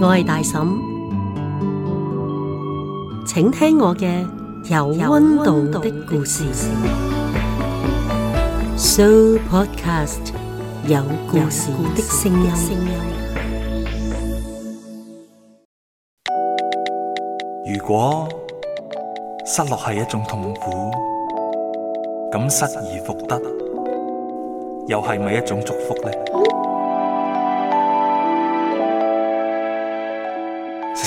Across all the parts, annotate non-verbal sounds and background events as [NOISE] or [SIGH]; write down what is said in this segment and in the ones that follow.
我係大嬸，請聽我嘅有温度的故事。Show Podcast，有故事的聲音。如果失落係一種痛苦，咁失而復得，又係咪一種祝福呢？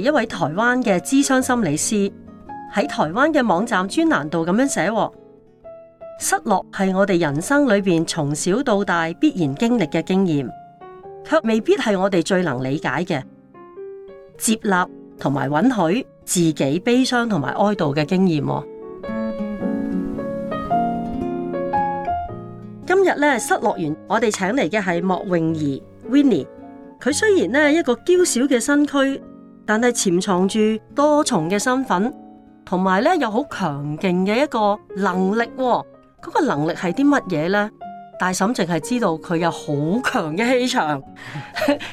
一位台灣嘅諮商心理師喺台灣嘅網站專欄度咁樣寫：失落係我哋人生裏邊從小到大必然經歷嘅經驗，卻未必係我哋最能理解嘅接納同埋允許自己悲傷同埋哀悼嘅經驗。 [MUSIC] 今日咧失落完我，我哋請嚟嘅係莫穎儀 （Winnie）。佢雖然咧一個嬌小嘅身軀。但係潛藏住多重嘅身份，同埋咧有好強勁嘅一個能力，哦，嗰、嗰個能力係啲乜嘢呢？大嬸淨係知道佢有好強嘅氣場。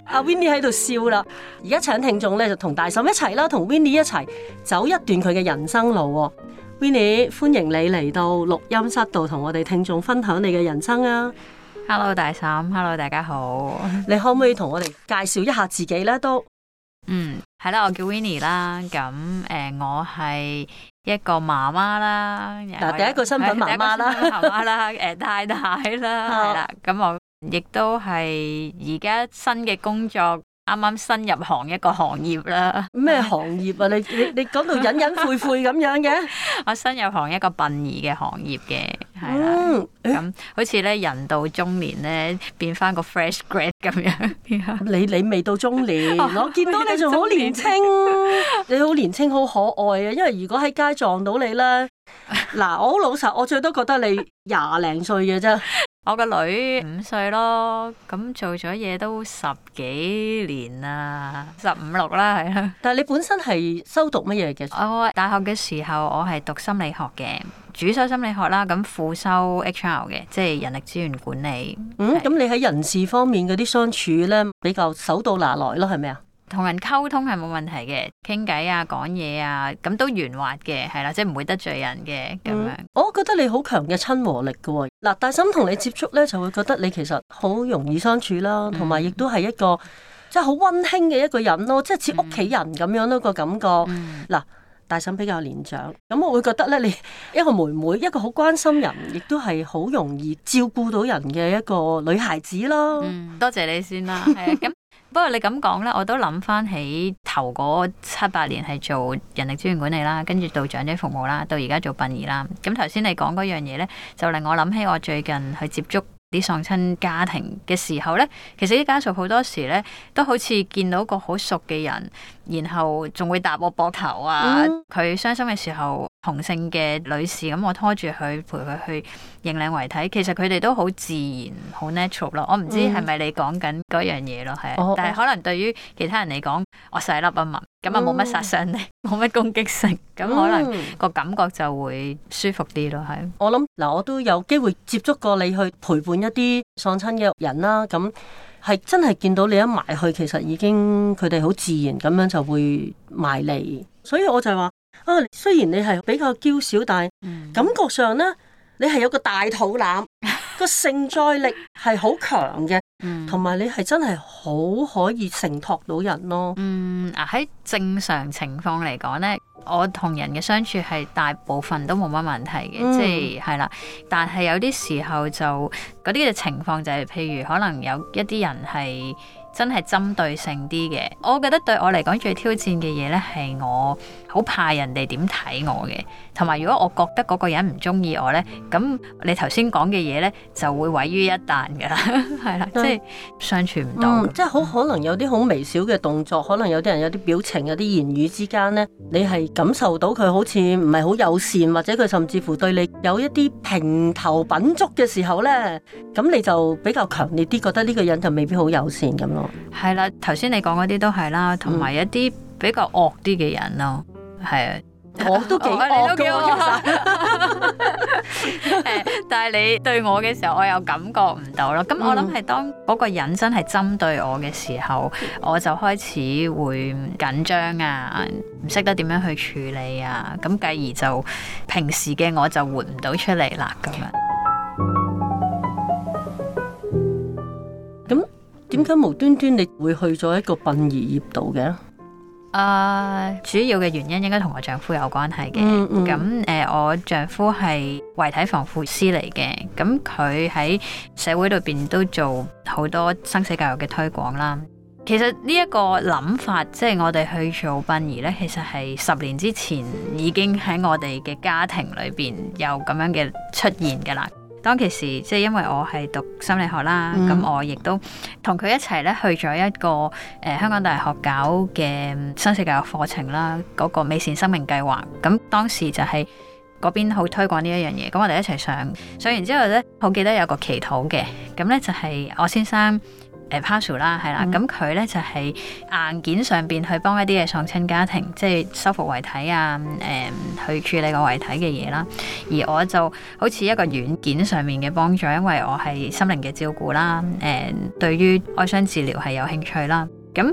阿 Winnie 喺度笑、， [LAUGHS] 啊、笑啦，而家請聽眾咧就同大嬸一齊啦，同 Winnie 一齊走一段佢嘅人生路，哦。Winnie [LAUGHS] 歡迎你嚟到錄音室度同我哋聽眾分享你嘅人生啊！Hello 大嬸，Hello 大家好，你可唔可以同我哋介紹一下自己呢？都嗯。係啦，我叫 Winnie 啦，咁誒、呃，我係一個媽媽啦，嗱，第一個身份媽媽啦，媽媽 [LAUGHS] 啦，誒、呃，太太啦，係 [LAUGHS] 啦，咁我亦都係而家新嘅工作。啱啱新入行一個行業啦，咩行業啊？ [LAUGHS] 你你你講到隱隱晦晦咁樣嘅， [LAUGHS] 我新入行一個殯儀嘅行業嘅，係啦，咁好似咧人到中年咧變返個 fresh grad 咁樣，哎呀你。你你未到中年，啊、我見到你仲好年輕，年你好年輕好可愛啊！因為如果喺街撞到你咧，嗱，我好老實，我最多覺得你廿零歲嘅啫。我個女五歲咯，咁做咗嘢都十幾年啦，十五六啦，係啦。但係你本身係修讀乜嘢嘅？我、哦、大學嘅時候，我係讀心理學嘅，主修心理學啦，咁副修 HR 嘅，即係人力資源管理。嗯，咁的、嗯、你喺人事方面嗰啲相處咧，比較手到拿來咯，係咪啊？同人溝通係冇問題嘅，傾偈啊，講嘢啊，咁都圓滑嘅，係啦，即係唔會得罪人嘅咁樣、嗯。我覺得你好強嘅親和力㗎喎、哦，嗱，大嬸同你接觸呢，就會覺得你其實好容易相處啦，同埋亦都係一個即係好溫馨嘅一個人咯，即係似屋企人咁樣咯個感覺。嗱、嗯，大嬸比較年長，咁我會覺得呢，你一個妹妹，一個好關心人，亦都係好容易照顧到人嘅一個女孩子咯、嗯。多謝你先啦，係咁。不過你咁講咧，我都諗翻起頭嗰七八年係做人力資源管理啦，跟住到長者服務啦，到而家做殯儀啦。咁頭先你講嗰樣嘢呢，就令我諗起我最近去接觸啲喪親家庭嘅時候呢，其實啲家屬好多時呢，都好似見到個好熟嘅人，然後仲會搭我膊頭啊。佢、嗯、傷心嘅時候，同性嘅女士咁，我拖住佢陪佢去認領遺體。其實佢哋都好自然，好 natural 咯。我唔知係咪你講緊嗰樣嘢咯，係啊，哦、但係可能對於其他人嚟講。我細粒啊嘛，咁啊冇乜殺傷力，冇乜攻擊性，咁可能個感覺就會舒服啲咯。係我諗嗱，我都有機會接觸過你去陪伴一啲喪親嘅人啦。咁係真係見到你一埋去，其實已經佢哋好自然咁樣就會埋嚟。所以我就係話，啊，雖然你係比較嬌小，但係感覺上呢，你係有個大肚腩。 [LAUGHS] 個承載力係好強嘅，同埋、嗯、你係真係好可以承托到人咯。嗯，啊喺正常情況嚟講呢，我同人嘅相處係大部分都冇乜問題嘅，即係係啦。但係有啲時候就嗰啲嘅情況就係、是，譬如可能有一啲人係真係針對性啲嘅。我覺得對我嚟講最挑戰嘅嘢呢係我。好怕人哋點睇我嘅，同埋如果我覺得嗰個人唔中意我呢，咁你頭先講嘅嘢，呢，就會毀於一旦噶啦，係 [LAUGHS] 啦的對、嗯，即係相處唔到，即係好可能有啲好微小嘅動作，可能有啲人有啲表情、有啲言語之間呢，你係感受到佢好似唔係好友善，或者佢甚至乎對你有一啲評頭品足嘅時候呢，咁你就比較強烈啲覺得呢個人就未必好友善咁咯。係啦，頭先你講嗰啲都係啦，同埋一啲比較惡啲嘅人咯。嗯係啊，我都幾惡噶，但係你對我嘅時候，我又感覺唔到咯。咁我諗係當嗰個人真係針對我嘅時候，我就開始會緊張啊，唔識得點樣去處理啊。咁繼而就平時嘅我就活唔到出嚟啦。咁啊，咁點解無端端你會去咗一個殯儀業度嘅？誒、uh, 主要嘅原因應該同我丈夫有關係嘅，咁誒、mm hmm. 呃、我丈夫係遺體防腐師嚟嘅，咁佢喺社會裏邊都做好多生死教育嘅推廣啦。其實呢一個諗法，即、就、係、是、我哋去做殯儀呢，其實係十年之前已經喺我哋嘅家庭裏邊有咁樣嘅出現噶啦。當其時，即係因為我係讀心理學啦，咁、嗯、我亦都同佢一齊咧去咗一個誒、呃、香港大學搞嘅新世教育課程啦，嗰、那個美善生命計劃。咁當時就係嗰邊好推廣呢一樣嘢。咁我哋一齊上上完之後咧，好記得有個祈禱嘅，咁咧就係我先生。誒 pastor 啦，係啦、嗯，咁佢呢，就係硬件上邊去幫一啲嘅喪親家庭，即、就、係、是、修復遺體啊，誒、嗯、去處理個遺體嘅嘢啦。而我就好似一個軟件上面嘅幫助，因為我係心靈嘅照顧啦，誒、嗯、對於哀傷治療係有興趣啦。咁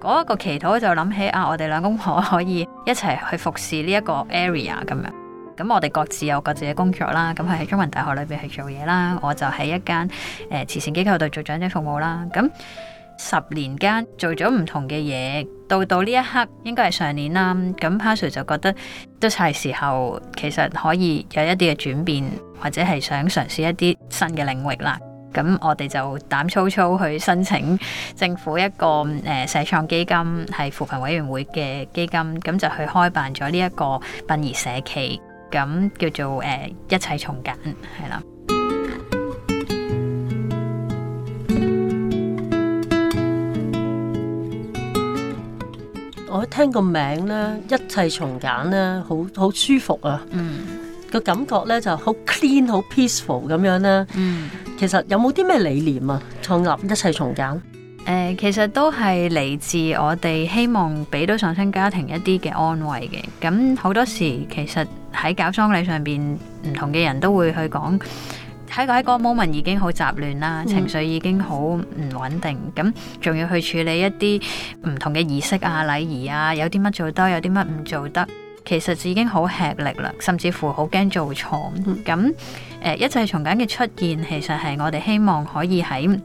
嗰一個祈禱就諗起啊，我哋兩公婆可以一齊去服侍呢一個 area 咁樣。咁我哋各自有各自嘅工作啦。咁佢喺中文大學裏邊去做嘢啦。我就喺一間誒慈善機構度做長者服務啦。咁十年間做咗唔同嘅嘢，到到呢一刻，應該係上年啦。咁 Pasha 就覺得都係時候，其實可以有一啲嘅轉變，或者係想嘗試一啲新嘅領域啦。咁我哋就膽粗粗去申請政府一個誒社創基金，係扶貧委員會嘅基金，咁就去開辦咗呢一個殯儀社企。咁叫做誒、呃，一切重簡係啦。我聽個名咧，一切重簡咧，好好舒服啊。嗯，個感覺咧就好 clean、好 peaceful 咁樣啦。嗯，其實有冇啲咩理念啊？創立一切重簡。誒，其實都係嚟自我哋希望俾到喪親家庭一啲嘅安慰嘅。咁好多時，其實喺搞喪禮上邊，唔同嘅人都會去講，喺喺嗰 moment 已經好雜亂啦，情緒已經好唔穩定。咁仲要去處理一啲唔同嘅儀式啊、禮儀啊，有啲乜做得，有啲乜唔做得，其實已經好吃力啦。甚至乎好驚做錯。咁誒，一切從簡嘅出現，其實係我哋希望可以喺。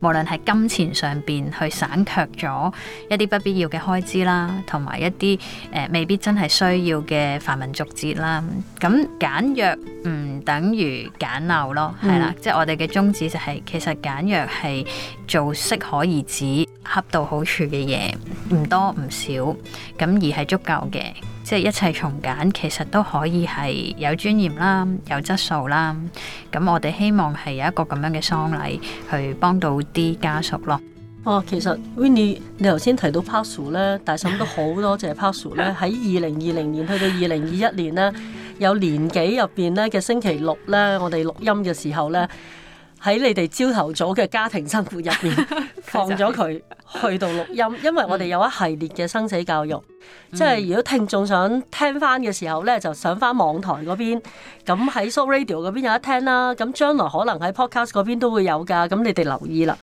無論係金錢上邊去省卻咗一啲不必要嘅開支啦，同埋一啲誒、呃、未必真係需要嘅繁文縟節啦，咁簡約唔等於簡陋咯，係、嗯、啦，即係我哋嘅宗旨就係、是，其實簡約係做適可而止、恰到好處嘅嘢，唔多唔少，咁而係足夠嘅。即係一切從簡，其實都可以係有尊嚴啦，有質素啦。咁我哋希望係有一個咁樣嘅喪禮，去幫到啲家屬咯。哦，其實 Winnie，你頭先提到 Parcel 咧，大嬸都好多謝 Parcel 咧。喺二零二零年去到二零二一年咧，有年幾入邊咧嘅星期六咧，我哋錄音嘅時候咧。喺你哋朝頭早嘅家庭生活入面放咗佢、 [LAUGHS] 就是，去到錄音，因為我哋有一系列嘅生死教育， [LAUGHS] 即係如果聽眾想聽翻嘅時候呢，就上翻網台嗰邊，咁喺 Soooradio 嗰邊有得聽啦。咁將來可能喺 Podcast 嗰邊都會有噶，咁你哋留意啦。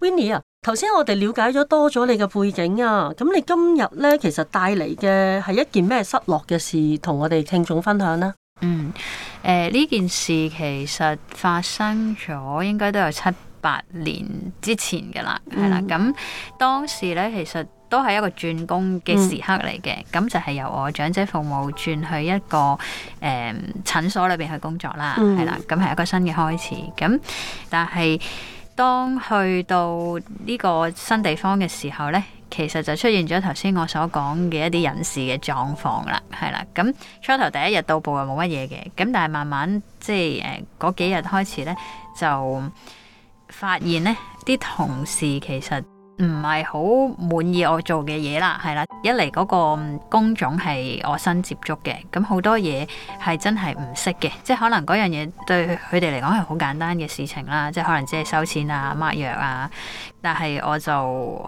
Winnie 啊，頭先我哋了解咗多咗你嘅背景啊，咁你今日呢，其實帶嚟嘅係一件咩失落嘅事，同我哋聽眾分享咧？嗯，誒、呃、呢件事其實發生咗應該都有七八年之前嘅啦，係啦、嗯。咁當時咧其實都係一個轉工嘅時刻嚟嘅，咁、嗯、就係由我長者服務轉去一個誒診、呃、所裏邊去工作啦，係啦、嗯。咁係一個新嘅開始。咁但係當去到呢個新地方嘅時候咧。其實就出現咗頭先我所講嘅一啲人事嘅狀況啦，係啦，咁初頭第一日到步又冇乜嘢嘅，咁但係慢慢即係誒嗰幾日開始呢，就發現呢啲同事其實，唔係好滿意我做嘅嘢啦，係啦，一嚟嗰個工種係我新接觸嘅，咁好多嘢係真係唔識嘅，即係可能嗰樣嘢對佢哋嚟講係好簡單嘅事情啦，即係可能只係收錢啊、抹藥啊，但係我就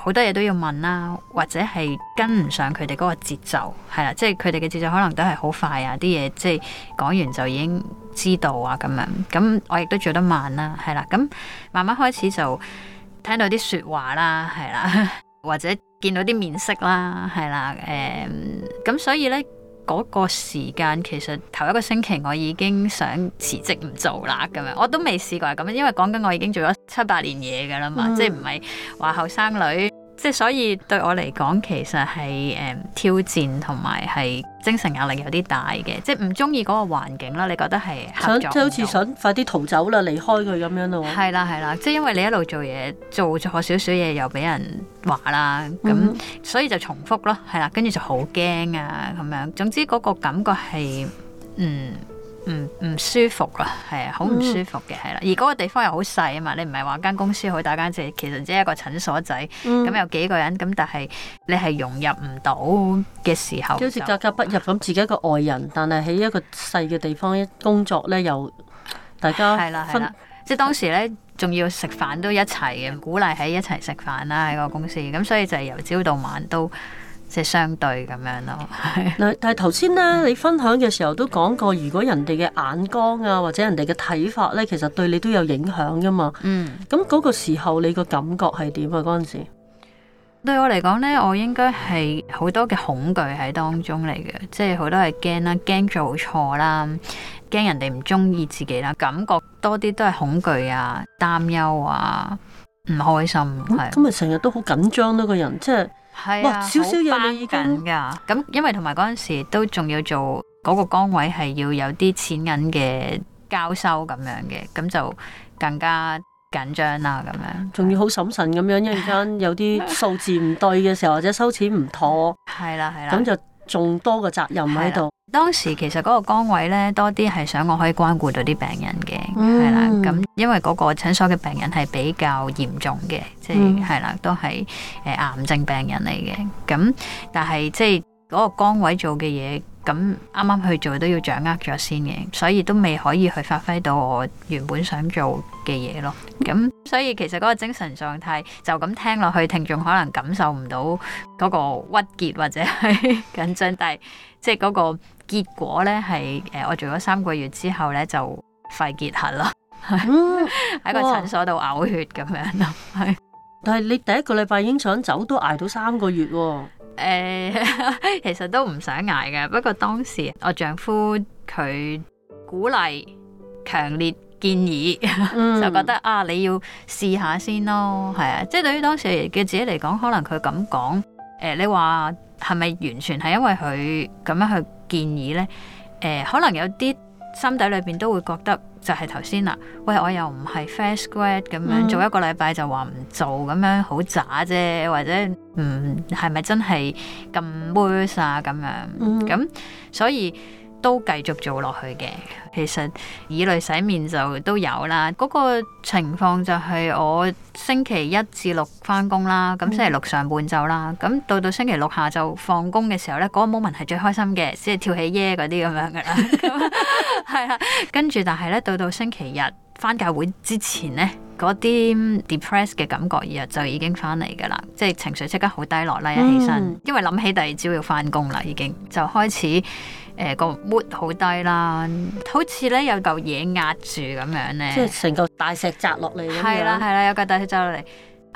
好多嘢都要問啦、啊，或者係跟唔上佢哋嗰個節奏，係啦，即係佢哋嘅節奏可能都係好快啊，啲嘢即係講完就已經知道啊咁樣，咁我亦都做得慢啦、啊，係啦，咁慢慢開始就。聽到啲説話啦，係啦，或者見到啲面色啦，係啦，誒、嗯，咁所以咧，嗰個時間其實頭一個星期，我已經想辭職唔做啦，咁樣我都未試過係咁樣，因為講緊我已經做咗七八年嘢㗎啦嘛，嗯、即係唔係話後生女。即係所以對我嚟講，其實係誒、嗯、挑戰同埋係精神壓力有啲大嘅，即係唔中意嗰個環境啦。你覺得係想即係好似想快啲逃走啦，離開佢咁樣咯。係啦係啦，即係因為你一路做嘢做錯少少嘢，又俾人話啦，咁、嗯、所以就重複咯。係啦，跟住就好驚啊，咁樣。總之嗰個感覺係嗯。唔唔舒服啊，係啊，好唔舒服嘅，係啦、嗯。而嗰個地方又好細啊嘛，你唔係話間公司好大間，即其實只係一個診所仔，咁、嗯、有幾個人，咁但係你係融入唔到嘅時候就，好似格格不入咁，嗯、自己一個外人，但係喺一個細嘅地方一工作呢，又大家係啦係啦，即係當時呢仲要食飯都一齊嘅，鼓勵喺一齊食飯啦喺個公司，咁所以就係由朝到晚都。即係相對咁樣咯。嗱，但係頭先咧，嗯、你分享嘅時候都講過，如果人哋嘅眼光啊，或者人哋嘅睇法咧，其實對你都有影響噶嘛。嗯。咁嗰個時候你個感覺係點啊？嗰陣時，對我嚟講咧，我應該係好多嘅恐懼喺當中嚟嘅，即係好多係驚啦，驚做錯啦，驚人哋唔中意自己啦，感覺多啲都係恐懼啊、擔憂啊、唔開心。係咁咪成日都好緊張咯，個人即係。係、啊、哇少少嘢你而家咁，在因為同埋嗰陣時都仲要做嗰個崗位，係要有啲錢銀嘅交收咁樣嘅，咁就更加緊張啦咁樣，仲要好審慎咁樣，一時間有啲數字唔對嘅時候，或者收錢唔妥，係啦係啦，咁、啊啊、就。仲多個責任喺度。當時其實嗰個崗位咧多啲係想我可以關顧到啲病人嘅，係啦、嗯。咁因為嗰個診所嘅病人係比較嚴重嘅，即係係啦，都係誒癌症病人嚟嘅。咁但係即係。嗰個崗位做嘅嘢，咁啱啱去做都要掌握咗先嘅，所以都未可以去發揮到我原本想做嘅嘢咯。咁所以其實嗰個精神狀態就咁聽落去聽，聽眾可能感受唔到嗰個鬱結或者係緊張，但係即係嗰個結果呢，係誒，我做咗三個月之後呢，就肺結核咯，喺哇 [LAUGHS] 個診所度嘔血咁樣咯，係。但係你第一個禮拜已經想走，都捱到三個月喎、哦。誒， [LAUGHS] 其實都唔想捱嘅，不過當時我丈夫佢鼓勵、強烈建議， [LAUGHS] 就覺得啊，你要試下先咯，係啊，即係對於當時嘅自己嚟講，可能佢咁講，誒、呃，你話係咪完全係因為佢咁樣去建議呢？誒、呃，可能有啲。心底裏邊都會覺得就係頭先啦，喂，我又唔係 fair square 咁樣、mm hmm. 做一個禮拜就話唔做咁樣好渣啫，或者唔係咪真係咁 worse 啊咁樣咁、mm hmm.，所以都繼續做落去嘅。其實以淚洗面就都有啦，嗰、那個情況就係我星期一至六返工啦，咁星期六上半晝啦，咁到到星期六下晝放工嘅時候呢，嗰、那個 moment 係最開心嘅，即係跳起耶嗰啲咁樣㗎喇，係啦、 [LAUGHS] [LAUGHS] 啊，跟住但係呢，到到星期日。翻教會之前咧，嗰啲 depressed 嘅感覺日就已經翻嚟噶啦，即係情緒即刻好低落啦，一起身，因為諗起第二朝要翻工啦，已經就開始誒、呃、個 mood 好低啦，好似咧有嚿嘢壓住咁樣咧，即係成嚿大石砸落嚟咁樣啦，係啦係啦，有嚿大石砸落嚟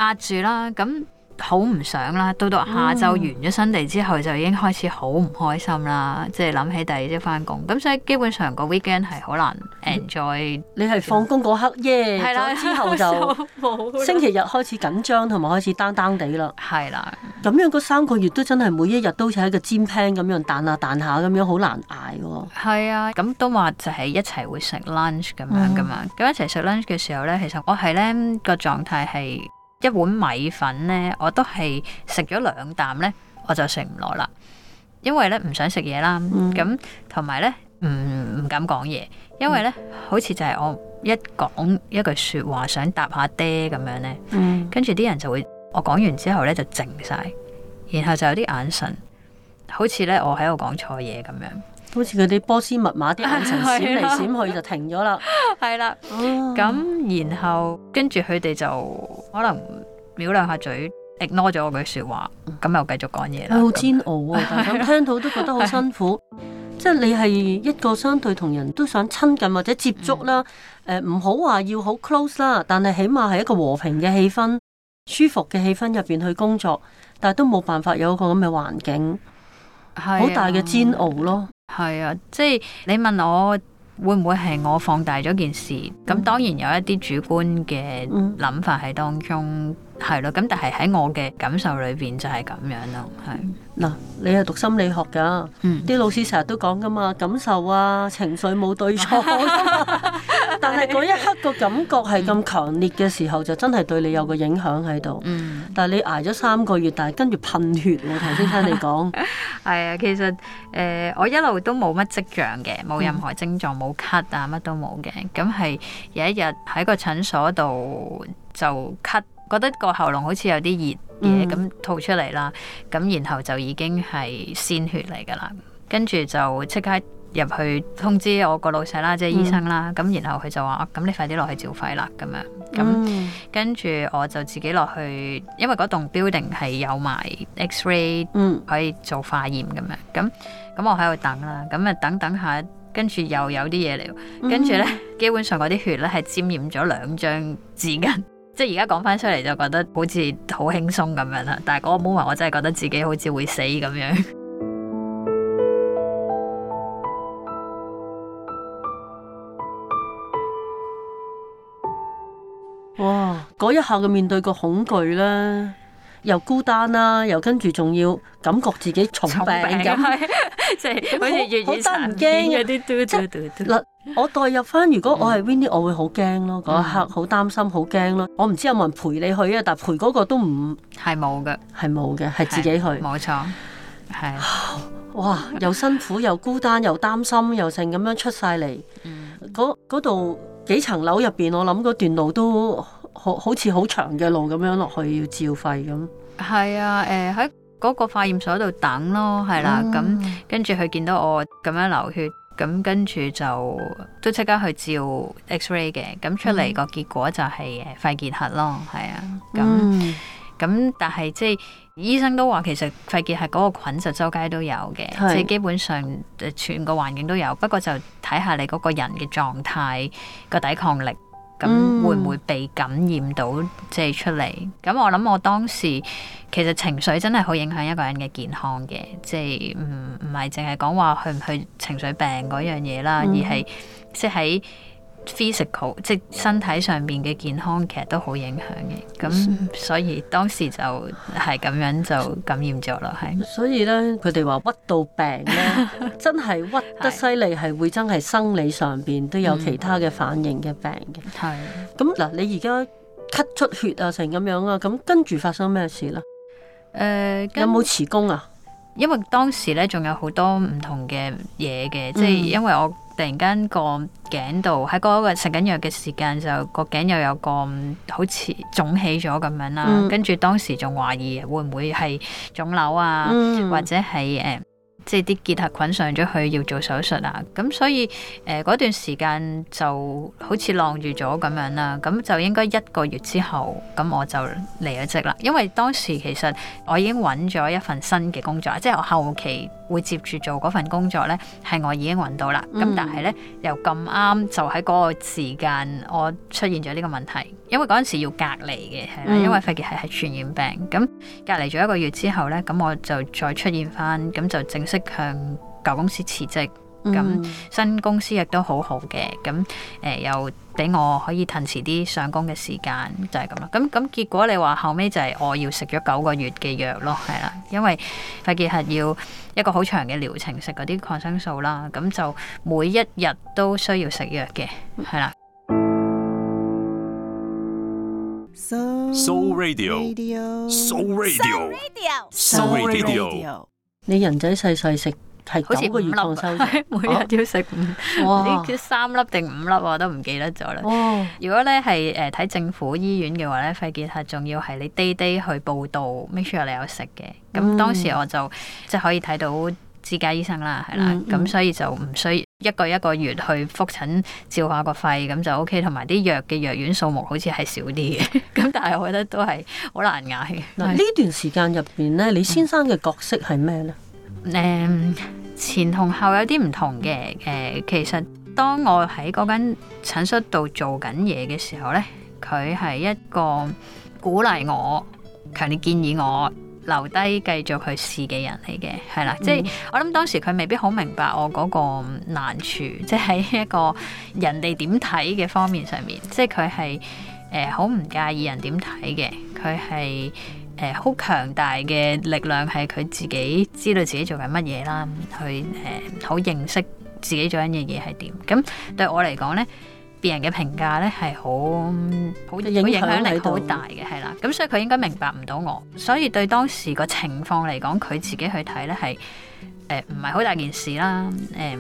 壓住啦，咁。好唔想啦，到到下晝完咗新地之後就已經開始好唔開心啦，即係諗起第二朝翻工，咁所以基本上個 weekend 係好難 enjoy。嗯、你係放工嗰刻耶，之後就, [LAUGHS] 就星期日開始緊張同埋開始 down down 哋啦。係啦的，咁樣嗰三個月都真係每一日都似喺個煎 pan 咁樣彈下彈下咁、啊、樣，好難捱喎。係啊，咁都話就係一齊會食 lunch 咁樣噶嘛，咁一齊食 lunch 嘅時候咧，其實我係咧、個狀態係。一碗米粉咧，我都係食咗兩啖咧，我就食唔落啦。因為咧唔想食嘢啦，咁同埋咧唔唔敢講嘢，因為咧、嗯、好似就係我一講一句說話，想答下爹咁樣咧，跟住啲人就會我講完之後咧就靜晒，然後就有啲眼神好似咧我喺度講錯嘢咁樣。好似佢啲波斯密碼啲眼神閃嚟閃去就停咗啦，係啦。咁然後跟住佢哋就可能秒兩下嘴，ignore 咗我句説話，咁又繼續講嘢啦。好煎熬啊！聽到都覺得好辛苦。即係你係一個相對同人都想親近或者接觸啦，誒唔好話要好 close 啦，但係起碼係一個和平嘅氣氛、舒服嘅氣氛入邊去工作，但係都冇辦法有個咁嘅環境，好大嘅煎熬咯。係啊，即係你問我會唔會係我放大咗件事？咁當然有一啲主觀嘅諗法喺當中。係咯，咁但係喺我嘅感受裏邊就係咁樣咯，係嗱，你係讀心理學噶，啲老師成日都講噶嘛，感受啊，情緒冇對錯，但係嗰一刻個感覺係咁強烈嘅時候，就真係對你有個影響喺度。但係你挨咗三個月，但係跟住噴血，我頭先聽你講，係啊，其實誒，我一路都冇乜跡象嘅，冇任何症狀，冇咳啊，乜都冇嘅，咁係有一日喺個診所度就咳。覺得個喉嚨好似有啲熱嘢，咁、嗯、吐出嚟啦，咁然後就已經係鮮血嚟噶啦跟住就即刻入去通知我個老細啦，即、就、係、是、醫生啦，咁、嗯、然後佢就話：咁、啊、你快啲落去照肺啦，咁樣。咁跟住我就自己落去，因為嗰棟 building 係有埋 X-ray，可以做化驗咁樣。咁咁、嗯、我喺度等啦，咁啊等等下，跟住又有啲嘢嚟，跟住咧基本上我啲血咧係沾染咗兩張紙巾。 [LAUGHS] 即係而家講翻出嚟就覺得好似好輕鬆咁樣啦，但係嗰個 moment 我真係覺得自己好似會死咁樣。哇！嗰一下嘅面對個恐懼啦，又孤單啦，又跟住仲要感覺自己重病咁，即係好似好得唔驚嗰啲， [LAUGHS] 嗯我代入翻，如果我係 Winnie，我會好驚咯，嗰一刻好擔心，好驚咯。我唔知有冇人陪你去啊，但陪嗰個都唔係冇嘅，係冇嘅，係是 自己去。冇錯，係哇，又辛苦 [LAUGHS] 又孤單又擔心又剩咁樣出晒嚟，嗰度、嗯、幾層樓入邊，我諗嗰段路都好好似好長嘅路咁樣落去要照肺咁。係啊，誒喺嗰個化驗所度等咯，係啦，咁、嗯嗯、跟住佢見到我咁樣流血。咁跟住就都即刻去照 X ray 嘅，咁出嚟，個結果就係誒肺結核咯，係啊、mm，咁、hmm. 咁、嗯嗯、但係即係醫生都話其實肺結核嗰個菌就周街都有嘅，即係的基本上全個環境都有，不過就睇下你嗰個人嘅狀態個抵抗力。咁、嗯、會唔會被感染到？即、就、係、是、出嚟。咁我諗，我當時其實情緒真係好影響一個人嘅健康嘅。即係唔唔係淨係講話去唔去情緒病嗰樣嘢啦，嗯、而係即喺。就是 physical 即係身體上邊嘅健康，其實都好影響嘅。咁所以當時就係咁樣就感染咗啦。係。所以咧，佢哋話屈到病咧，啊， [LAUGHS] 真係屈得犀利，係是會真係生理上邊都有其他嘅反應嘅病嘅。係、嗯。咁嗱，你而家咳出血啊，成咁樣，呃、有有啊，咁跟住發生咩事咧？誒，有冇辭工啊？因為當時咧仲有好多唔同嘅嘢嘅，即係因為我。嗯突然間個頸度喺嗰個食緊藥嘅時間就個頸又有個好似腫起咗咁樣啦，mm. 跟住當時仲懷疑會唔會係腫瘤啊，mm. 或者係誒即係啲結核菌上咗去要做手術啊，咁所以誒嗰、呃、段時間就好似晾住咗咁樣啦，咁就應該一個月之後咁我就離咗職啦，因為當時其實我已經揾咗一份新嘅工作，即係我後期。會接住做嗰份工作呢，係我已經揾到啦。咁、嗯、但係呢，由咁啱就喺嗰個時間，我出現咗呢個問題，因為嗰陣時要隔離嘅，係啦，因為肺結核係傳染病。咁隔離咗一個月之後呢，咁我就再出現翻，咁就正式向舊公司辭職。咁、嗯、新公司亦都好好嘅，咁、嗯、誒、呃、又俾我可以騰遲啲上工嘅時間，就係咁咯。咁、嗯、咁、嗯、結果你話後尾就係我要食咗九個月嘅藥咯，係啦，因為肺結核要一個好長嘅療程，食嗰啲抗生素啦，咁、嗯、就、嗯、每一日都需要食藥嘅，係啦。 [MUSIC] So radio. Soul radio. So radio. So radio. Soul radio 你人仔細細食。係好似五粒，每日要食。五三粒定五粒，我都唔記得咗啦。哦、如果咧係誒睇政府醫院嘅話咧，肺結核仲要係你日日去報到，make sure 你有食嘅。咁、嗯、當時我就即係、就是、可以睇到自家醫生啦，係啦。咁、嗯嗯、所以就唔需要一個一個月去復診照下個肺，咁就 O、OK、K。同埋啲藥嘅藥丸數目好似係少啲嘅。咁 [LAUGHS] 但係我覺得都係好難捱嘅。嗱、嗯，呢的段時間入邊咧，你先生嘅角色係咩咧？嗯誒，前同後有啲唔同嘅。誒，其實當我喺嗰間診室度做緊嘢嘅時候呢，佢係一個鼓勵我、強烈建議我留低繼續去試嘅人嚟嘅，係啦。嗯，即係我諗當時佢未必好明白我嗰個難處，即係喺一個人哋點睇嘅方面上面，即係佢係誒好唔介意人點睇嘅，佢係。誒好、呃、強大嘅力量係佢自己知道自己做緊乜嘢啦，去誒好認識自己做緊嘅嘢係點。咁對我嚟講呢，別人嘅評價呢係好好影響力好大嘅，係啦、嗯。咁所以佢應該明白唔到我，所以對當時個情況嚟講，佢自己去睇呢係。誒，唔係好大件事啦，誒、呃，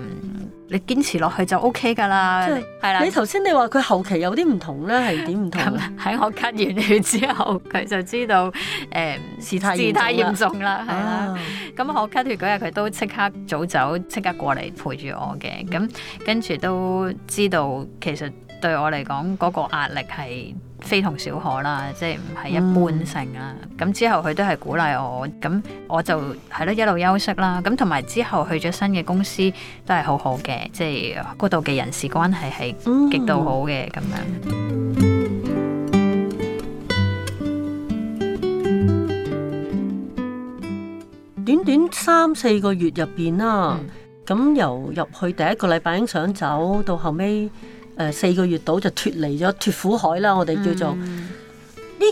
你堅持落去就 O K 噶啦，係啦。你頭先你話佢後期有啲唔同咧，係點唔同咧？喺、嗯嗯、我 cut 完血之後，佢就知道誒、嗯、事態事態嚴重啦，係啦。咁我 cut 血嗰日，佢都即刻早走，即刻過嚟陪住我嘅。咁、嗯、跟住都知道，其實對我嚟講嗰個壓力係。非同小可啦，即係唔係一般性啊！咁、嗯、之後佢都係鼓勵我，咁我就係咯一路休息啦。咁同埋之後去咗新嘅公司，都係好好嘅，即係嗰度嘅人事關係係極度好嘅咁、嗯、樣。短短三四個月入邊啦，咁、嗯、由入去第一個禮拜已經想走到後尾。誒、呃，四個月到就脫離咗脫苦海啦，我哋叫做呢、嗯、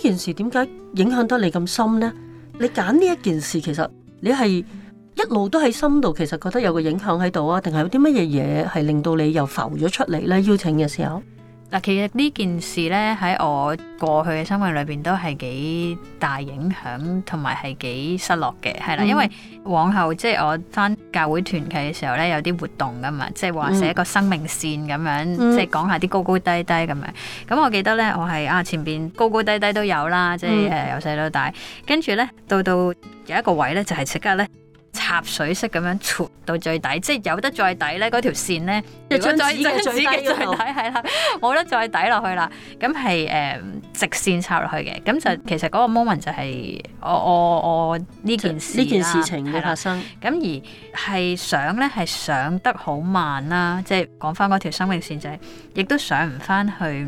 件事點解影響得你咁深呢？你揀呢一件事，其實你係一路都喺心度，其實覺得有個影響喺度啊，定係有啲乜嘢嘢係令到你又浮咗出嚟呢？邀請嘅時候。嗱，其實呢件事咧喺我過去嘅生活裏邊都係幾大影響，同埋係幾失落嘅，係啦、嗯，因為往後即係、就是、我返教會團契嘅時候咧，有啲活動噶嘛，即係話寫一個生命線咁樣，即係講下啲高高低低咁樣。咁我記得咧，我係啊前邊高高低低都有啦，即、就、係、是、由細到大。跟住咧，到到有一個位咧，就係即刻咧。插水式咁樣戳到最底，即係有得再底咧，嗰條線咧就再再再再底，係啦，冇 [LAUGHS] 得再底落去啦。咁係誒，uh, 直線插落去嘅，咁就其實嗰個 moment 就係、是、我我我呢件事呢件事情嘅發生。咁而係想咧係上得好慢啦，即係講翻嗰條生命線就係、是，亦都上唔翻去。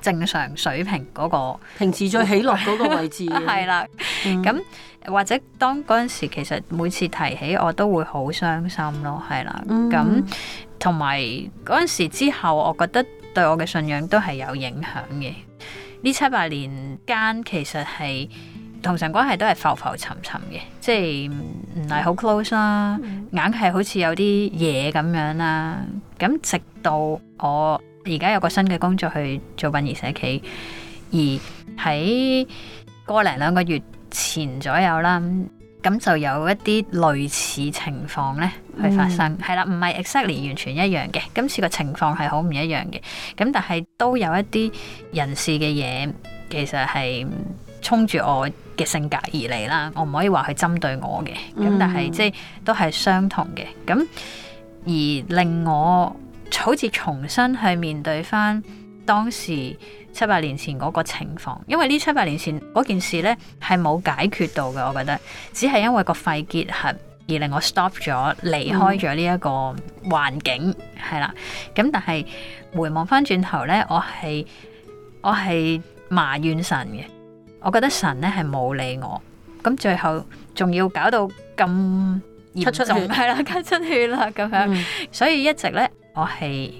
正常水平嗰、那個，平時最起落嗰個位置，係啦 [LAUGHS] 的。咁、嗯、或者當嗰陣時，其實每次提起我都會好傷心咯，係啦。咁同埋嗰陣時之後，我覺得對我嘅信仰都係有影響嘅。呢七八年間，其實係同神關係都係浮浮沉沉嘅，即係唔係好 close 啦，硬係好似有啲嘢咁樣啦。咁直到我。而家有個新嘅工作去做殯儀社企，而喺個零兩個月前左右啦，咁就有一啲類似情況咧去發生，係啦、mm.，唔係 exactly 完全一樣嘅，今次個情況係好唔一樣嘅，咁但係都有一啲人事嘅嘢，其實係衝住我嘅性格而嚟啦，我唔可以話去針對我嘅，咁但係即係都係相同嘅，咁而令我。好似重新去面對翻當時七八年前嗰個情況，因為呢七八年前嗰件事呢係冇解決到嘅，我覺得只係因為個肺結核而令我 stop 咗離開咗呢一個環境係啦。咁、嗯、但係回望翻轉頭呢，我係我係埋怨神嘅，我覺得神呢係冇理我，咁最後仲要搞到咁嚴重係啦，咳出,出血啦咁樣，嗯、所以一直呢。我係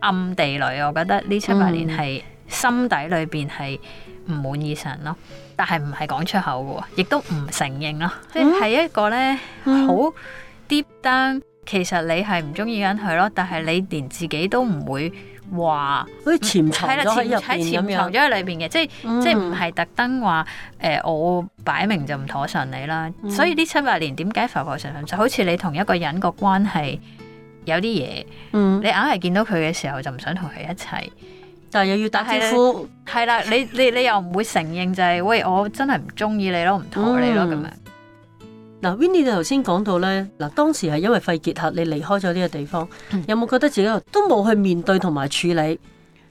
暗地裏，我覺得呢七八年係心底裏邊係唔滿意神咯，但係唔係講出口嘅，亦都唔承認咯，即係一個咧好、嗯、deep down，其實你係唔中意緊佢咯，但係你連自己都唔會話，好似潛藏咗喺入面，潛藏咗喺裏邊嘅，即係、嗯、即係唔係特登話誒，我擺明就唔妥順你啦。嗯、所以呢七八年點解浮浮沉沉，就好似你同一個人個關係。有啲嘢，嗯、你硬係見到佢嘅時候就唔想同佢一齊，但係又要打招呼，係啦是， [LAUGHS] 你你你又唔會承認就係、是、喂，我真係唔中意你咯，唔妥你咯咁、嗯、樣。嗱，Winnie 頭先講到咧，嗱，當時係因為肺結核，你離開咗呢個地方，嗯、有冇覺得自己都冇去面對同埋處理？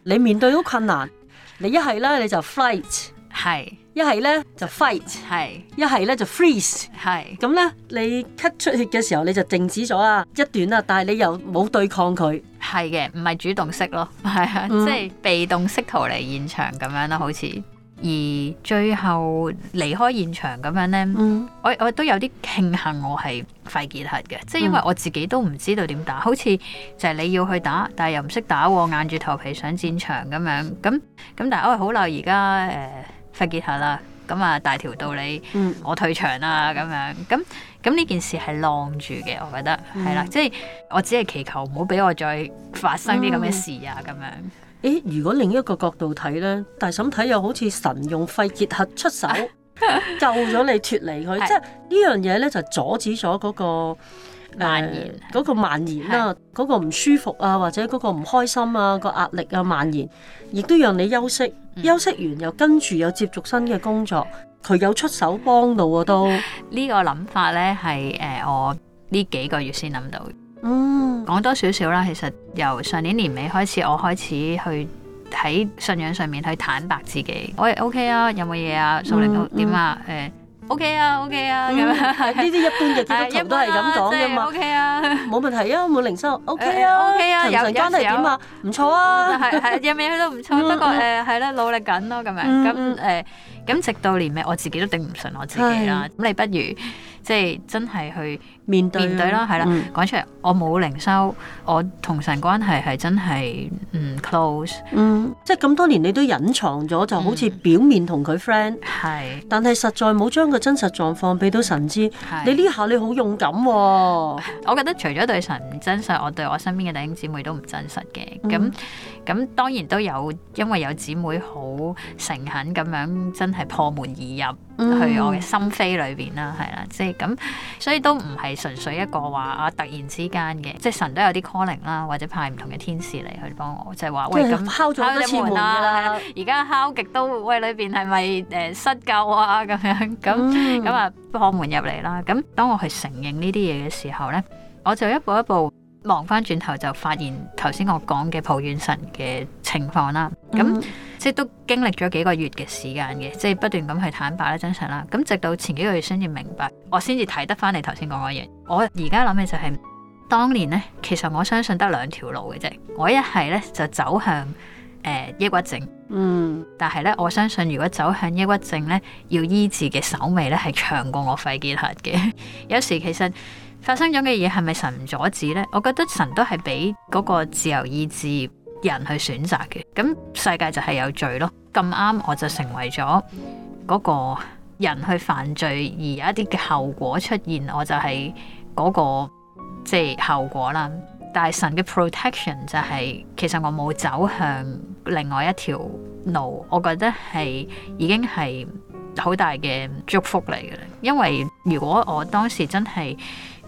你面對好困難，你一係咧你就 flight，l 係。一係咧就 fight，係是；一係咧就 freeze，係是。咁咧你咳出血嘅時候，你就靜止咗啊一段啦，但係你又冇對抗佢。係嘅，唔係主動式咯，係啊，嗯、即係被動式逃離現場咁樣咯，好似。而最後離開現場咁樣咧，嗯、我我都有啲慶幸我係肺結核嘅，即係因為我自己都唔知道點打，好似就係你要去打，但係又唔識打，硬住頭皮上戰場咁樣。咁咁，但係我好留意而家誒。呃肺結核啦，咁啊大條道理，我退場啦咁樣，咁咁呢件事係晾住嘅，我覺得係啦、嗯，即係我只係祈求唔好俾我再發生啲咁嘅事啊咁樣。誒、嗯欸，如果另一個角度睇咧，大嬸睇又好似神用肺結核出手 [LAUGHS] 救咗你脱離佢， [LAUGHS] 的即係呢樣嘢咧就是、阻止咗嗰、那個，蔓延嗰個蔓延啦、啊，嗰是的 個唔舒服啊，或者嗰個唔開心啊，個壓力啊蔓延，亦都讓你休息。休息完又跟住又接觸新嘅工作，佢有出手幫到我都。呢、嗯、個諗法呢係誒、呃，我呢幾個月先諗到。嗯，講多少少啦。其實由上年年尾開始，我開始去喺信仰上面去坦白自己，我係 O K 啊，有冇嘢啊，首領點啊，誒、嗯。嗯嗯 O K 啊，O K 啊，咁樣係呢啲一般嘅基督徒都係咁講嘅嘛。O K 啊，冇問題啊，冇靈修。O K 啊，O K 啊，有有啊？唔錯啊，係係入面都唔錯，不過誒係啦，努力緊咯咁樣。咁誒咁直到連咩我自己都頂唔順我自己啦。咁你不如即係真係去。面對啦、啊，係啦、嗯，講了出嚟。嗯、我冇靈修，我同神關係係真係唔 close。嗯，嗯即係咁多年你都隱藏咗，就好似表面同佢 friend，係、嗯，但係實在冇將個真實狀況俾到神知。嗯、你呢下你好勇敢、啊嗯，我覺得除咗對神唔真實，我對我身邊嘅弟兄姊妹都唔真實嘅。咁咁、嗯、當然都有，因為有姊妹好誠懇咁樣，真係破門而入。去我嘅心扉裏邊啦，係啦，即係咁，所以都唔係純粹一個話啊，突然之間嘅，即係神都有啲 calling 啦，或者派唔同嘅天使嚟去幫我，就係、是、話呀喂，咁敲咗好多次門啦、啊，而家敲極都喂，裏邊係咪誒失救啊咁樣，咁咁啊破門入嚟啦，咁當我去承認呢啲嘢嘅時候咧，我就一步一步望翻轉頭就發現頭先我講嘅抱怨神嘅情況啦，咁。嗯即都經歷咗幾個月嘅時間嘅，即係不斷咁去坦白啦、真相啦。咁直到前幾個月先至明白，我先至睇得翻你頭先講嘅嘢。我而家諗嘅就係、是，當年呢，其實我相信得兩條路嘅啫。我一係呢，就走向誒、呃、抑鬱症，嗯，但係呢，我相信如果走向抑鬱症呢，要醫治嘅手尾呢係長過我肺結核嘅。 [LAUGHS] 有時其實發生咗嘅嘢係咪神唔阻止呢？我覺得神都係俾嗰個自由意志。人去選擇嘅，咁世界就係有罪咯。咁啱我就成為咗嗰個人去犯罪，而有一啲嘅後果出現，我就係嗰、那個即係、就是、後果啦。大神嘅 protection 就係、是、其實我冇走向另外一條路，我覺得係已經係好大嘅祝福嚟嘅。因為如果我當時真係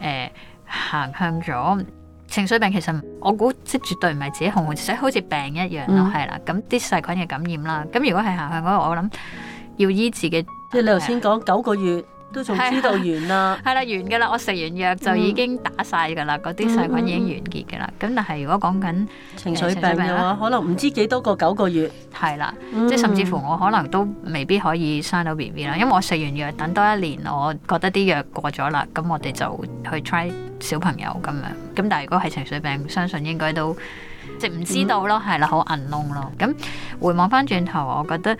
誒行向咗。情緒病其實我估即係絕對唔係自己紅，即係好似病一樣咯，係啦、嗯。咁啲細菌嘅感染啦，咁如果係行向嗰、嗰個，我諗要醫自己。即係你頭先講九個月。都知道完啦，係啦， [LAUGHS] 完嘅啦。我食完藥就已經打晒噶啦，嗰啲細菌已經完結噶啦。咁、嗯嗯、但係如果講緊情緒病嘅話，呃、可能唔知幾多個九個月。係啦，即係甚至乎我可能都未必可以生到 B B 啦，因為我食完藥等多一年，我覺得啲藥過咗啦，咁我哋就去 try 小朋友咁樣。咁但係如果係情緒病，相信應該都。即唔知道咯，係啦、嗯，好銀窿咯。咁回望翻轉頭，我覺得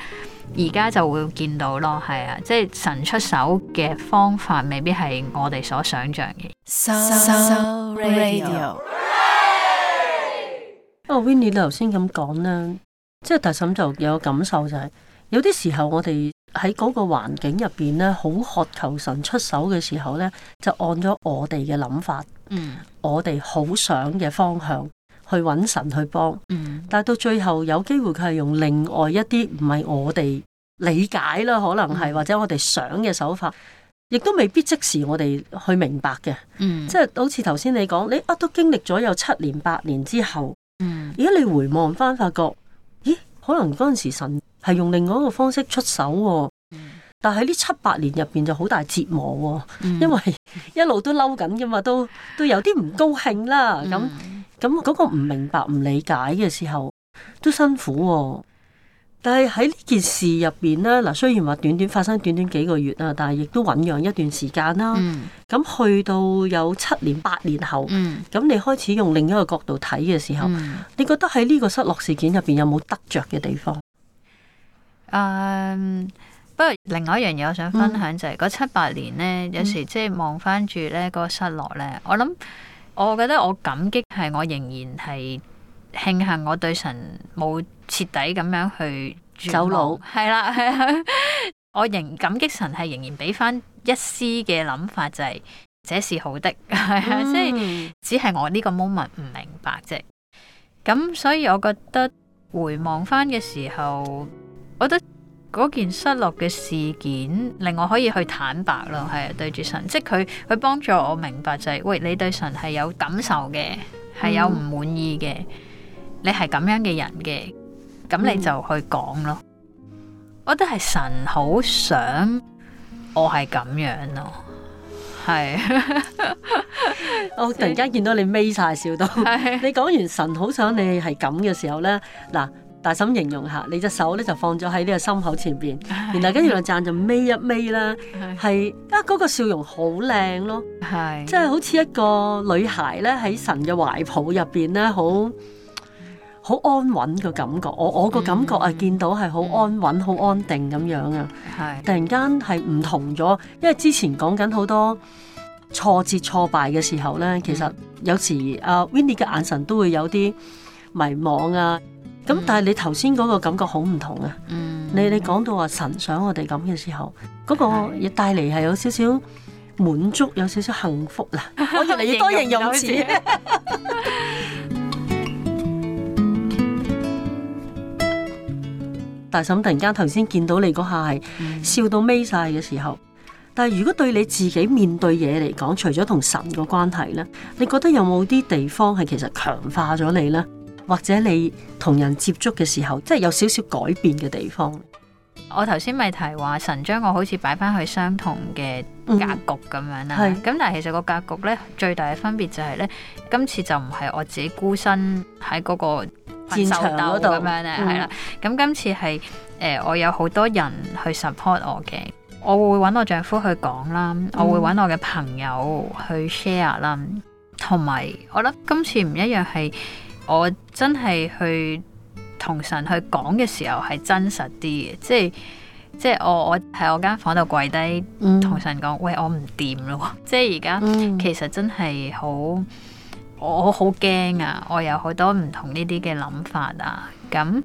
而家就會見到咯，係啊，即係神出手嘅方法，未必係我哋所想象嘅。收、so, so, so、Radio，啊、oh,，Winnie，你頭先咁講啦，即係大嬸就有感受就係、是，有啲時候我哋喺嗰個環境入邊咧，好渴求神出手嘅時候咧，就按咗我哋嘅諗法，嗯，我哋好想嘅方向。去揾神去幫，但係到最後有機會佢係用另外一啲唔係我哋理解啦，可能係或者我哋想嘅手法，亦都未必即時我哋去明白嘅。即係、嗯、好似頭先你講，你啊都經歷咗有七年八年之後，而家你回望翻發覺，咦？可能嗰陣時神係用另外一個方式出手、啊，但係呢七八年入邊就好大折磨、啊，因為一路都嬲緊噶嘛，都都有啲唔高興啦咁。咁嗰個唔明白、唔理解嘅時候都辛苦、哦，但係喺呢件事入邊呢，嗱雖然話短短發生短短幾個月啊，但係亦都醞釀一段時間啦。咁、嗯、去到有七年、八年後，咁、嗯、你開始用另一個角度睇嘅時候，嗯、你覺得喺呢個失落事件入邊有冇得着嘅地方？嗯，uh, 不過另外一樣嘢我想分享就係、是、嗰、嗯、七八年呢，有時即係望翻住呢嗰個失落呢。嗯、我諗。我覺得我感激係我仍然係慶幸我對神冇徹底咁樣去走佬，係啦係啦， [LAUGHS] 我仍感激神係仍然俾翻一絲嘅諗法就係、是、這是好的，係啊，所以、嗯、只係我呢個 moment 唔明白啫。咁所以我覺得回望翻嘅時候，我覺得。嗰件失落嘅事件令我可以去坦白咯，係、嗯、對住神，即係佢佢幫助我明白就係、是，喂，你對神係有感受嘅，係有唔滿意嘅，嗯、你係咁樣嘅人嘅，咁你就去講咯。嗯、我覺得係神好想我係咁樣咯，係， [LAUGHS] 我突然間見到你眯晒笑到，是你講完神好想你係咁嘅時候呢。嗱。大心形容下，你隻手咧就放咗喺呢個心口前邊， [LAUGHS] 然後跟住兩隻眼就眯一眯啦，係 [LAUGHS] 啊嗰、那個笑容好靚咯，係即係好似一個女孩咧喺神嘅懷抱入邊咧，好好安穩嘅感覺。我我個感覺啊，嗯、見到係好安穩、好、嗯、安定咁樣啊，係、嗯、突然間係唔同咗，因為之前講緊好多挫折、挫敗嘅時候咧，其實有時啊、uh,，Winnie 嘅眼神都會有啲迷惘啊。咁、嗯、但係你頭先嗰個感覺好唔同啊！嗯、你你講到話神想我哋咁嘅時候，嗰、嗰個亦帶嚟係有少少滿足，有少少幸福啦。 [LAUGHS] 我越嚟越多形容詞。大嬸突然間頭先見到你嗰下係笑到眯晒嘅時候，但係如果對你自己面對嘢嚟講，除咗同神個關係咧，你覺得有冇啲地方係其實強化咗你咧？或者你同人接觸嘅時候，即係有少少改變嘅地方。我頭先咪提話神將我好似擺翻去相同嘅格局咁樣啦。係咁、嗯，但係其實個格局呢，最大嘅分別就係、是、呢：今次就唔係我自己孤身喺嗰個戰場度咁樣咧，係、嗯、啦。咁今次係誒、呃，我有好多人去 support 我嘅。我會揾我丈夫去講啦，我會揾我嘅朋友去 share 啦、嗯，同埋我覺得今次唔一樣係。我真係去同神去講嘅時候係真實啲嘅，即係即係我我喺我間房度跪低，同、mm. 神講喂，我唔掂咯，即係而家其實真係好，我好驚啊！我有好多唔同呢啲嘅諗法啊，咁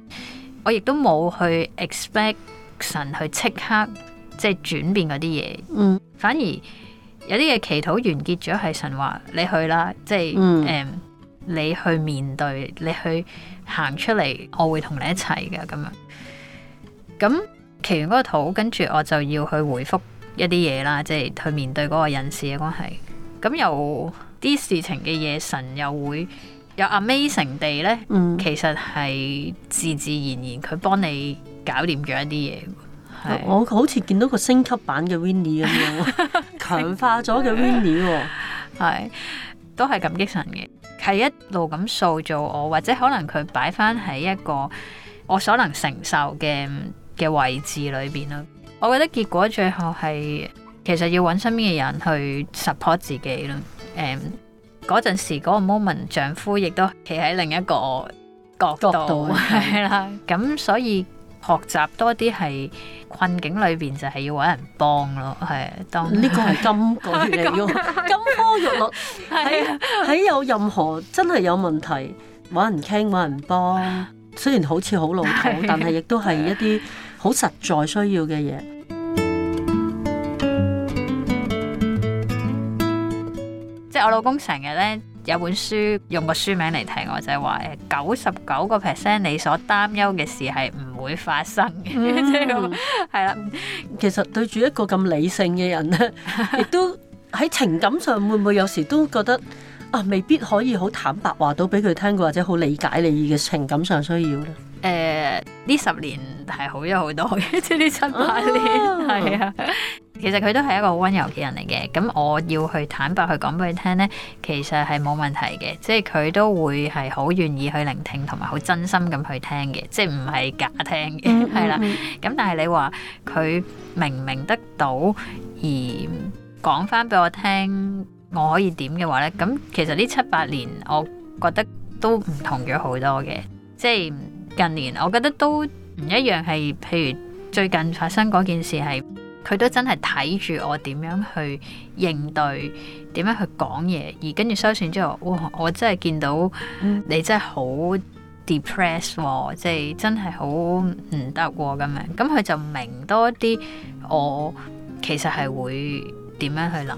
我亦都冇去 expect 神去即刻即係轉變嗰啲嘢，mm. 反而有啲嘢祈禱完結咗，係神話你去啦，即係誒。Mm. Um, 你去面對，你去行出嚟，我會同你一齊㗎咁樣。咁祈完嗰個土，跟住我就要去回覆一啲嘢啦，即係去面對嗰個人事嘅關係。咁有啲事情嘅嘢，神又會又 amazing 地呢。其實係自自然然，佢幫你搞掂咗一啲嘢。嗯、是我好似見到個升級版嘅 Winnie 咁、啊、樣，強 [LAUGHS] 化咗嘅 Winnie，係都係感激神嘅。係一路咁塑造我，或者可能佢擺翻喺一個我所能承受嘅嘅位置裏邊咯。我覺得結果最後係，其實要揾身邊嘅人去 support 自己咯。誒、嗯，嗰陣時嗰個 moment，丈夫亦都企喺另一個角度係啦。咁度 [LAUGHS] 所以。學習多啲係困境裏邊就係要搵人幫咯，係當呢個係金句嚟喎， [LAUGHS] 金科玉律，係啊 [LAUGHS] 的，喺有任何真係有問題，搵人傾，搵人幫。雖然好似好老土， [LAUGHS] 的但係亦都係一啲好實在需要嘅嘢。 [LAUGHS] 即係我老公成日咧。有本書用個書名嚟提，我就係話誒九十九個 percent 你所擔憂嘅事係唔會發生嘅，即係係啦。 [LAUGHS] 其實對住一個咁理性嘅人咧， [LAUGHS] 亦都喺情感上會唔會有時都覺得啊，未必可以好坦白話到俾佢聽，或者好理解你嘅情感上需要咧。誒呢、嗯、十年係好有好多嘅，即係呢七八年係啊。其實佢都係一個好温柔嘅人嚟嘅，咁我要去坦白去講俾佢聽呢，其實係冇問題嘅，即係佢都會係好願意去聆聽，同埋好真心咁去聽嘅，即係唔係假聽嘅，係 [LAUGHS] 啦。咁但係你話佢明唔明得到而講翻俾我聽，我可以點嘅話呢？咁其實呢七八年我覺得都唔同咗好多嘅，即係近年我覺得都唔一樣，係譬如最近發生嗰件事係。佢都真係睇住我點樣去應對，點樣去講嘢，而跟住收線之後，哇！我真係見到你真係好 depressed、嗯、即係真係好唔得喎咁樣。咁佢就明多啲，我其實係會點樣去諗。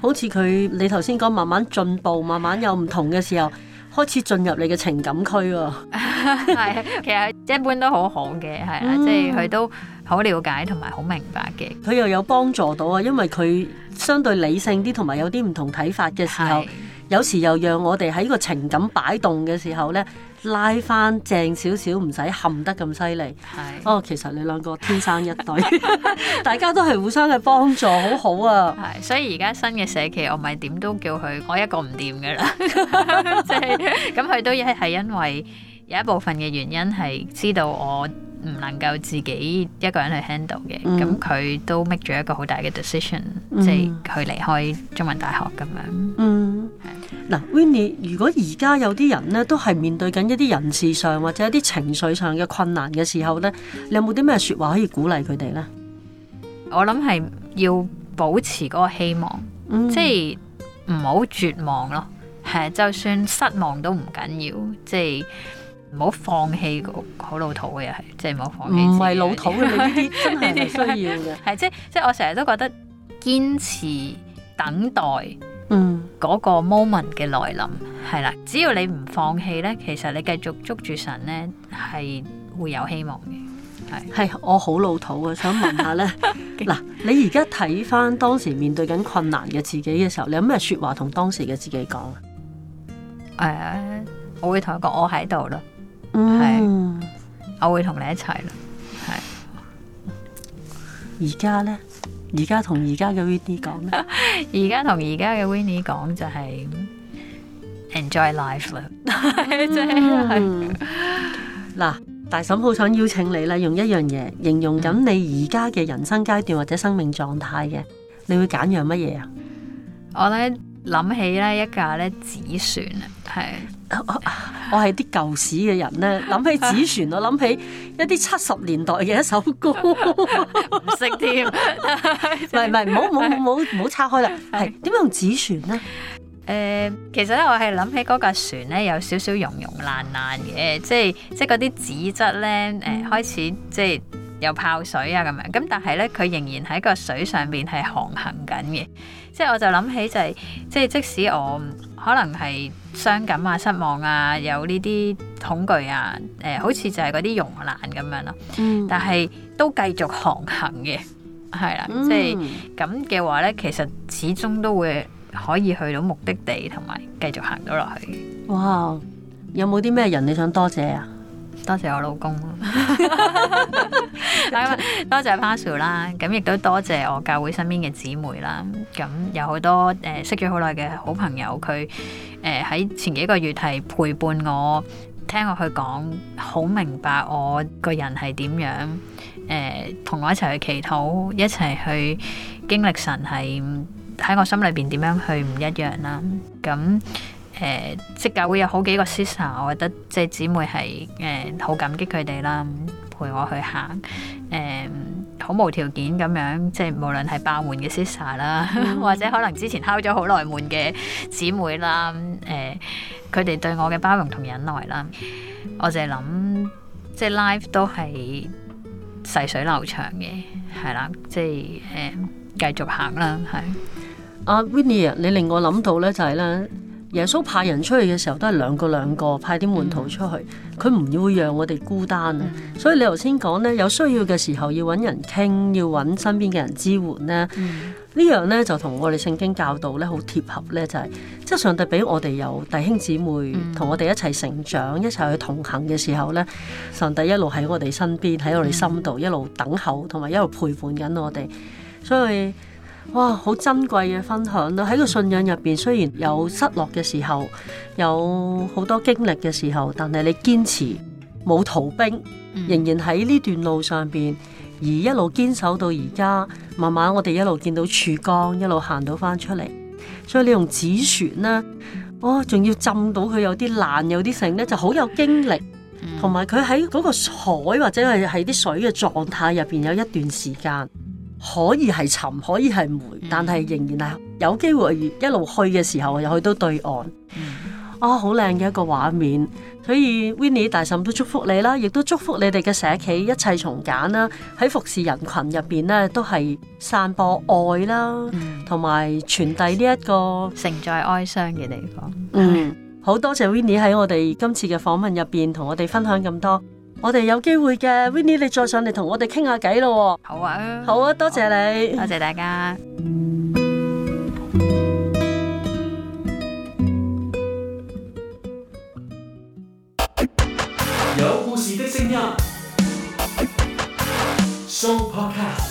好似佢你頭先講慢慢進步，慢慢有唔同嘅時候， [LAUGHS] 開始進入你嘅情感區喎。係 [LAUGHS] [LAUGHS] 其實一般都好好嘅，係啦、嗯，即係佢都。好了解同埋好明白嘅，佢又有幫助到啊！因為佢相對理性啲，同埋有啲唔同睇法嘅時候，是有時又讓我哋喺個情感擺動嘅時候呢，拉翻正少少，唔使冚得咁犀利。是哦，其實你兩個天生一對， [LAUGHS] [LAUGHS] 大家都係互相嘅幫助，好好啊！係，所以而家新嘅社企，我咪點都叫佢，我一個唔掂㗎喇。 [LAUGHS] 就係、是、咁，佢都係因為有一部分嘅原因係知道我。唔能夠自己一個人去 handle 嘅，咁佢、嗯、都 make 咗一個好大嘅 decision，嗯、即係佢離開中文大學咁樣嗯。嗯，係，嗱，Winnie，如果而家有啲人咧，都係面對緊一啲人事上或者一啲情緒上嘅困難嘅時候咧，你有冇啲咩說話可以鼓勵佢哋咧？我諗係要保持嗰個希望，嗯、即係唔好絕望咯。係，就算失望都唔緊要，即係。唔好放棄，好老土嘅係，即係唔好放棄。唔係老土嘅，呢啲 [LAUGHS] 真係需要嘅。係即係即係，我成日都覺得堅持等待，嗯，嗰個 moment 嘅來臨係啦。只要你唔放棄咧，其實你繼續捉住神咧，係會有希望嘅。係係，我好老土啊，想問，問下咧，嗱， [LAUGHS] 你而家睇翻當時面對緊困難嘅自己嘅時候，你有咩說話同當時嘅自己講啊？誒、uh，，我會同佢講，我喺度咯。嗯，我會同你一齊 [LAUGHS] 啦。係而家咧，而家同而家嘅 Winnie 講咧，而家同而家嘅 Winnie 講就係 Enjoy Life 啦。嗱，大嬸好想邀請你啦，用一樣嘢形容緊你而家嘅人生階段或者生命狀態嘅，你會揀樣乜嘢啊？我咧諗起咧一架咧紙船啊，係。我我係啲舊時嘅人咧，諗起紙船，我諗起一啲七十年代嘅一首歌，唔識添。唔係唔係，唔好唔好唔好唔好拆開啦。係點樣 [LAUGHS] 用紙船咧？誒、呃，其實咧我係諗起嗰架船咧，有少少溶溶爛爛嘅，即係即係嗰啲紙質咧，誒開始即係又泡水啊咁樣。咁但係咧，佢仍然喺個水上邊係航行緊嘅。即係我就諗起就係、是、即係即使我。可能係傷感啊、失望啊、有呢啲恐懼啊，誒、呃，好似就係嗰啲容難咁樣咯。嗯、但係都繼續航行嘅，係啦，即係咁嘅話呢，其實始終都會可以去到目的地，同埋繼續行到落去。哇！有冇啲咩人你想多謝啊？多謝我老公， [LAUGHS] [LAUGHS] 多謝 Pastor 啦，咁亦都多謝我教會身邊嘅姊妹啦，咁有好多誒識咗好耐嘅好朋友，佢誒喺前幾個月係陪伴我，聽我去講，好明白我個人係點樣，誒同我一齊去祈禱，一齊去經歷神係喺我心裏邊點樣去唔一樣啦，咁。誒，即、呃、教會有好幾個 sister，我覺得即係姊妹係誒，好、呃、感激佢哋啦，陪我去行誒，好、呃、無條件咁樣，即係無論係爆門嘅 sister 啦，或者可能之前敲咗好耐門嘅姊妹啦，誒、呃，佢哋對我嘅包容同忍耐啦，我就係諗，即係 life 都係細水流長嘅，係啦，即係誒、呃，繼續行啦，係。阿、ah, Winnie，你令我諗到咧，就係咧。耶穌派人出去嘅時候，都係兩個兩個派啲門徒出去，佢唔、嗯、會讓我哋孤單啊！嗯、所以你頭先講呢，有需要嘅時候要揾人傾，要揾身邊嘅人支援呢。呢、嗯、樣呢，就同我哋聖經教導呢好貼合呢，就係即係上帝俾我哋有弟兄姊妹同我哋一齊成長，嗯、一齊去同行嘅時候呢，上帝一路喺我哋身邊，喺我哋心度一路等候同埋、嗯、一路陪伴緊我哋，所以。哇，好珍貴嘅分享啦！喺個信仰入邊，雖然有失落嘅時候，有好多經歷嘅時候，但係你堅持冇逃兵，仍然喺呢段路上邊，而一路堅守到而家。慢慢我哋一路見到曙光，一路行到翻出嚟。所以你用紙船呢，哇，仲要浸到佢有啲爛，有啲剩呢，就好有經歷，同埋佢喺嗰個海或者係喺啲水嘅狀態入邊有一段時間。可以係沉，可以係沒，但係仍然係有機會一路去嘅時候，又去到對岸。啊、嗯，好靚嘅一個畫面。所以 Winnie 大嬸都祝福你啦，亦都祝福你哋嘅社企一切從簡啦。喺服侍人群入邊呢，都係散播愛啦，同埋傳遞呢一個承載哀傷嘅地方。嗯，好、嗯、多謝 Winnie 喺我哋今次嘅訪問入邊，同我哋分享咁多。我哋有機會嘅，Winnie，你再上嚟同我哋傾下偈咯。好啊，好啊，多謝你，啊、多謝大家。有故事的聲音，Soul Podcast。